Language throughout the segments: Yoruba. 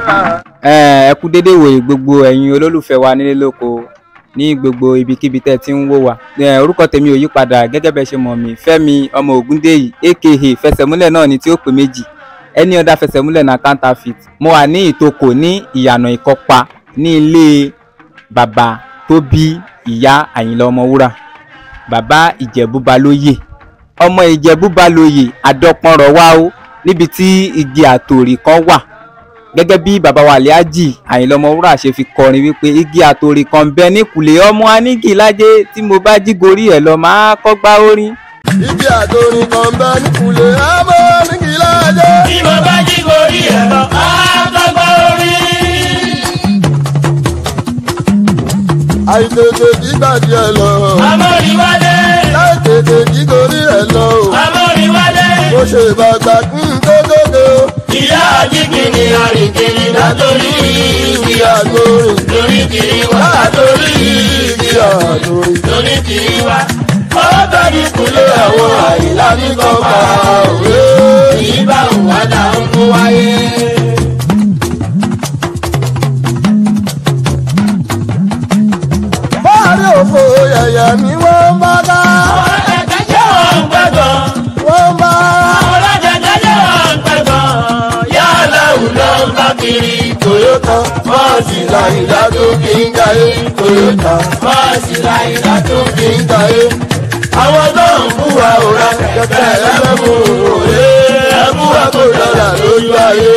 Eh, ẹ kú dédé ìwòyí gbogbo ẹ̀yin olólùfẹ́ wa nílé lóko ní gbogbo ibikíbi tẹ́ ti ń wò wá eh, orúkọ tèmi ò yípadà gẹ́gẹ́ bẹ́ ṣe mọ̀ mí Fẹ́mi ọmọ Ògúndèyí aka Fẹsẹ̀múlẹ̀ náà ni tí ó pé méjì ẹni ọ̀dà Fẹsẹ̀múlẹ̀ náà counterfeit mo wà ní ìtòkò ní ìyànà ìkọpa ní ilé bàbá tó bí ìyá Àyìnlá Ọmọwúrà bàbá Ìjẹ̀bú ọmọ Ìjẹ̀bú Balóyè àdọ́pọ̀nrọ̀ o níbi tí igi àtòrí kan wà gẹ́gẹ́ bí bàbá wa Alhaji Àyìnlá Ọmọwúrà ṣe fi kọrin wípé igi àtòrì kan bẹ níkùlé ọmọ anígì lájẹ tí mo bá jí gorí ẹ̀ lọ máa kọ́gbá orin. igi àtòrì kan bẹ níkùlé ọmọ anígì lájẹ. tí mo bá jí gorí ẹ̀ lọ máa kọ́gbá orin. àìtètè dígbà díẹ̀ lọ. amóríwádé. láìtètè dígorí ẹ̀ lọ. amóríwádé. mo ṣèbàgbà kún tó tó tó. ìyá àjẹ́ torí ìdí àgbòrò torí kiri wá torí ìdí àgbòrò torí kiri wá ọlọ́dọ̀ọ́dì kúlẹ̀ àwọn àyílá nígbà máa wé ìbáwò wá dà ń kó wáyé. káàkiri toyota máàsì láìlá tó fi ń jayé toyota máàsì láìlá tó fi ń jayé. àwọn náà ń bú wa òra kẹkẹ ẹlẹ́mú òye ẹ̀mú wa kò dára lójú ayé.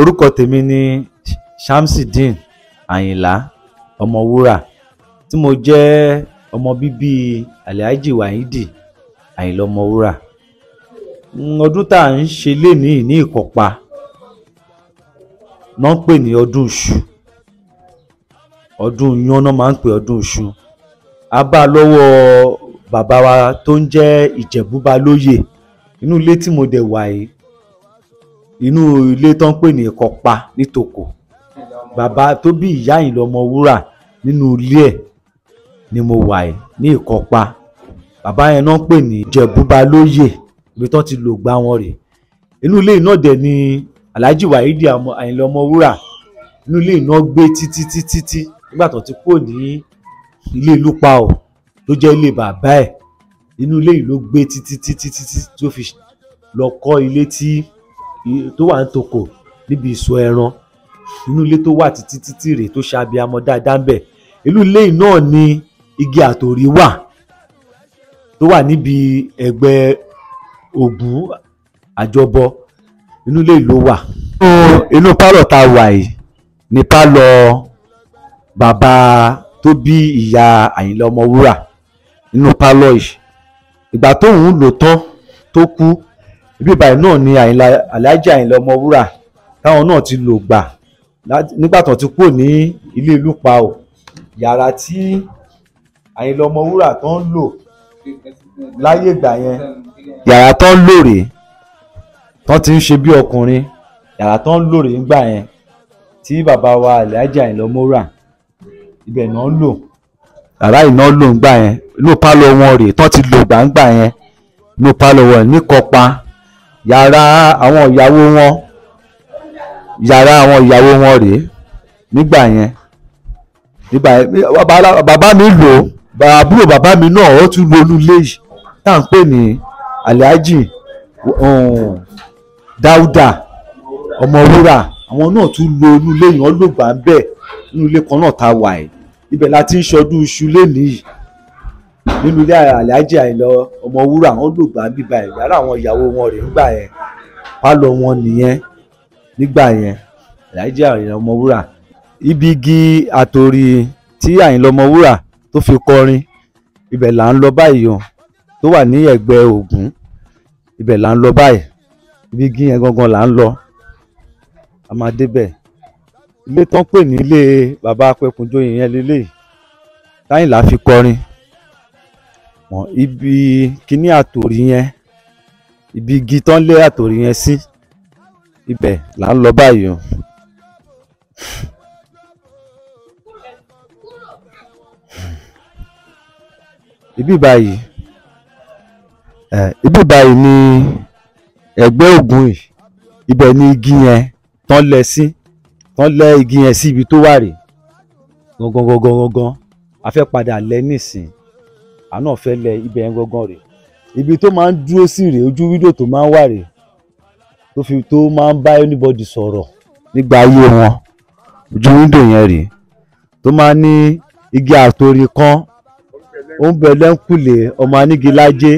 orúkọ tèmi ni Shamsideen Àyìnlá Ọmọwúrà tí mo jẹ́ ọmọ bíbí alhaji waheed àyìnlọ́mọwúrà ọdún tá à ń ṣe lénìí ní ìkọ̀pa náà ń pè ní ọdún iṣu ọdún yan náà máa ń pè ọdún iṣu a bá a lọ́wọ́ bàbá wa tó ń jẹ́ ìjẹ̀bú inú ilé tí mo dẹ̀ wà yìí inú ilé tó pè ní ìkọ̀pa nítòkò bàbá tó bí ìyá Àyìnlọ́mọwúrà nínú ilé ẹ̀ ni mo wà yìí ní ìkọ́pá bàbá yẹn náà ń pè ní jẹ̀búbalóyè ibi tán ti lò gbá wọn rè inú ilé iná dẹ̀ ni alhaji waheed àyìnlá ọmọwúrà inú ilé iná gbé títí títí tí nígbà tó ti kó ní ilé ìlúpa ò ló jẹ́ ilé bàbá ẹ̀ inú ilé yìí ló gbé títí títí títí tó fi lọ kọ́ ilé tí tó wà ń tokò níbi ìsọ ẹran inú ilé tó wà títí títí rèé tó ṣe abiyamọ dáadáa ń bẹ̀ inú ilé yìí náà ni igi àtòrí wà tó wà níbi ẹ̀gbẹ́ ògún àjọbọ inú ilé ìlú wà inú pálọ̀ tá a wà yìí ní pálọ̀ bàbá tó bí ìyá Àyìnlá Ọmọwúrà inú pálọ̀ yìí ìgbà tóun lò tán tó kú ibi ìbàyìí náà ni Àyìnlá Alhaji Àyìnlá Ọmọwúrà táwọn náà ti lò gbà nígbà tó ti kúrò ní ilé ìlú pa ò yàrá tí Àyìnlá Ọmọwúrà tó ń lò láyé ìgbà yẹn yàrá tó ń lò rèé tó ti ń ṣe bí ọkùnrin yàrá tó ń lò rèé ńgbà yẹn tí bàbá wa Alhaji Àyìnlá Ọmọwúrà ibẹ̀ náà ń lò yàrá iná lò ńgbà yẹn inú pálọ̀ wọn rèé tó ti lò gbàǹgbà yẹn inú pálọ̀ wọn níkọpa yàrá àwọn ìyàwó wọn yàrá àwọn ìyàwó wọn rèé nígbà yẹn nígbà yẹn bàbá mi lò ó àbúrò bàbá mi náà ó tún lónú ilé yìí tá à ń pè ní alhaji um, dáúdà ọmọwúrà àwọn náà tún lónú ilé yìí wọ́n ló gbà ń bẹ̀ nínú ilé kan náà tá a wà yìí ibẹ̀ la ti ń ṣọdún iṣu lénìí nínú ilé alhaji àìlọ ọmọwúrà wọ́n ló gbà ń bíbá ẹ̀ yàrá àwọn ìyàwó wọn rè nígbà yẹn pálọ̀ wọn nìyẹn nígbà yẹn alhaji àìlọ ọmọwúrà ibi igi àtòrí tí àìlọ ọmọwúrà tó fi kọrin ibẹ̀ là ń lọ báyìí o tó wà ní ẹ̀gbẹ́ Ògùn ibẹ̀ là ń lọ báyìí ibi igi yẹn gangan là ń lọ a máa débẹ̀ ilé tán pè ní ilé bàbá Apẹ̀kúnjoyè yẹn lélẹ̀ táyìnlá fi kọrin ibi kíní àtòrí yẹn ibi igi tán lé àtòrí yẹn sí ibẹ̀ là ń lọ báyìí o ibí báyìí ibí báyìí ni ẹ̀gbẹ́ ogun, yìí ibẹ̀ ni igi yẹn tán lẹ sí tán lẹ igi yẹn sí ibi tó wà rè gangan gangan gangan a fẹ́ padà lẹ nísìn àná fẹ́ lẹ ibẹ̀ yẹn gangan rè ibi tó máa ń dúró sí rè ojú wíńdò tó máa ń wà rè tó fi tó máa ń bá anybody sọ̀rọ̀ nígbà ayé wọn ojú wíńdò yẹn rè tó máa ní igi àtòrí kan òun bẹ̀ lẹ́ńkùlé ọmọ anígilájé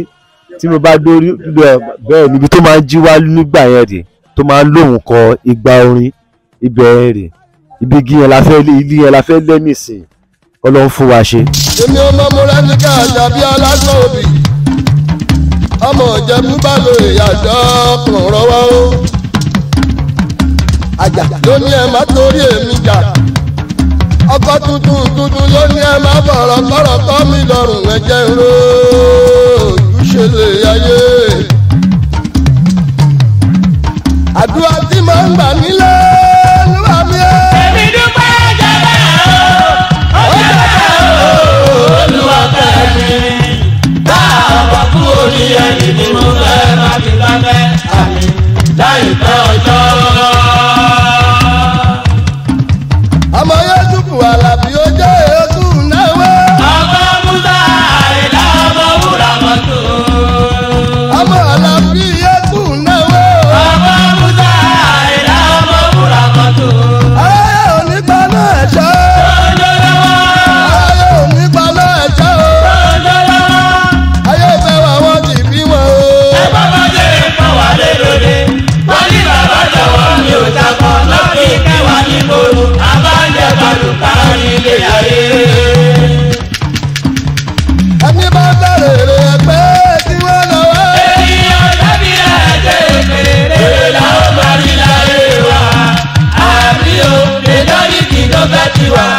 tí mo bá dórí bẹ́ẹ̀ níbi tó máa ń jí wá nígbà yẹn rè tó máa ń lóun kọ igba orin ibẹ̀ rè ibi igi yẹn la fẹ́ ilé yẹn la fẹ́ lẹ́mìí sí i ọlọ́run fún wa ṣe. èmi ọmọ mọ̀lẹ́sìkà àjàbí aláṣọ òbí ọmọ ìjẹ̀bú bá lóye àjọ ọkùnrin rọwọ́ o. àjà ló ní má torí èmi jà ọkọ̀ tuntun ẹ má fọ̀rọ̀ kọ́rọ̀ kọ́ mi lọ́rùn ẹ jẹ́ ń ro ojúṣe lè ayé. àdúrà tí mo ń gbà nílé lúwa mi ó. èmi dúpẹ́ ọjọ́bẹ̀ o ọjọ́bẹ̀ o olúwa fẹ́ mi. bá a bá kú orí ẹni ni mo fẹ́ má fi bá àmì láì pẹ́ ọjọ́. ọmọ yóò dúpọ̀ àlàbí ó jẹ́ èyí. Shiva